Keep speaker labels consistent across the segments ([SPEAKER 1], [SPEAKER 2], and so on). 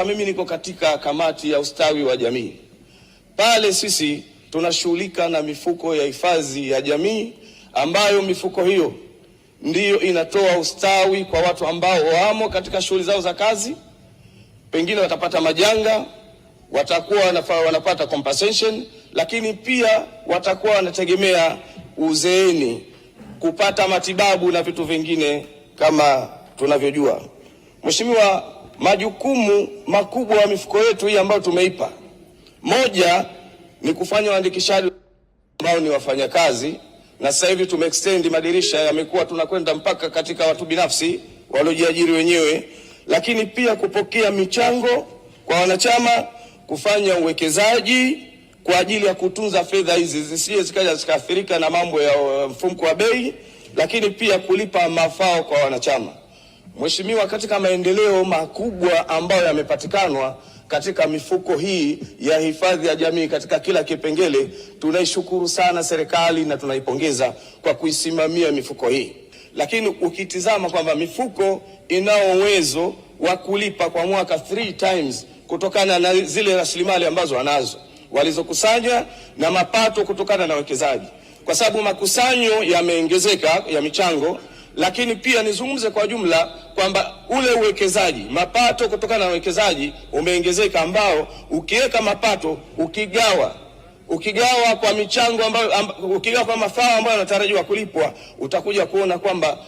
[SPEAKER 1] Sasa mimi niko katika kamati ya ustawi wa jamii, pale sisi tunashughulika na mifuko ya hifadhi ya jamii, ambayo mifuko hiyo ndiyo inatoa ustawi kwa watu ambao wamo katika shughuli zao za kazi, pengine watapata majanga, watakuwa wanapata compensation, lakini pia watakuwa wanategemea uzeeni kupata matibabu na vitu vingine kama tunavyojua Mheshimiwa majukumu makubwa ya mifuko yetu hii ambayo tumeipa, moja ni kufanya uandikishaji ambao ni wafanyakazi, na sasa hivi tumeextend madirisha, yamekuwa tunakwenda mpaka katika watu binafsi waliojiajiri wenyewe, lakini pia kupokea michango kwa wanachama, kufanya uwekezaji kwa ajili ya kutunza fedha hizi zisije zikaja zikaathirika na mambo ya uh, mfumko wa bei, lakini pia kulipa mafao kwa wanachama. Mheshimiwa, katika maendeleo makubwa ambayo yamepatikanwa katika mifuko hii ya hifadhi ya jamii katika kila kipengele, tunaishukuru sana serikali na tunaipongeza kwa kuisimamia mifuko hii. Lakini ukitizama kwamba mifuko inao uwezo wa kulipa kwa mwaka three times kutokana na zile rasilimali ambazo wanazo walizokusanya na mapato kutokana na wekezaji, kwa sababu makusanyo yameongezeka ya michango, lakini pia nizungumze kwa jumla kwamba ule uwekezaji, mapato kutokana na uwekezaji umeongezeka, ambao ukiweka mapato ukigawa ukigawa kwa michango ambayo amb, ukigawa kwa mafao ambayo yanatarajiwa kulipwa utakuja kuona kwamba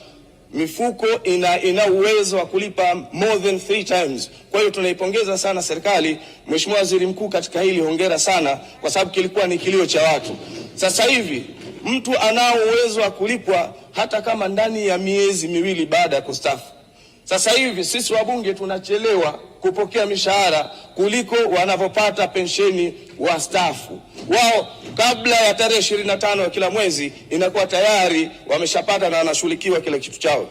[SPEAKER 1] mifuko ina, ina uwezo wa kulipa more than three times. Kwa hiyo tunaipongeza sana serikali. Mheshimiwa Waziri Mkuu, katika hili hongera sana, kwa sababu kilikuwa ni kilio cha watu. Sasa hivi mtu anao uwezo wa kulipwa hata kama ndani ya miezi miwili baada ya kustafu. Sasa hivi sisi wabunge tunachelewa kupokea mishahara kuliko wanavyopata pensheni wastaafu. Wao kabla ya tarehe ishirini na tano ya kila mwezi inakuwa tayari wameshapata na wanashughulikiwa kila kitu chao.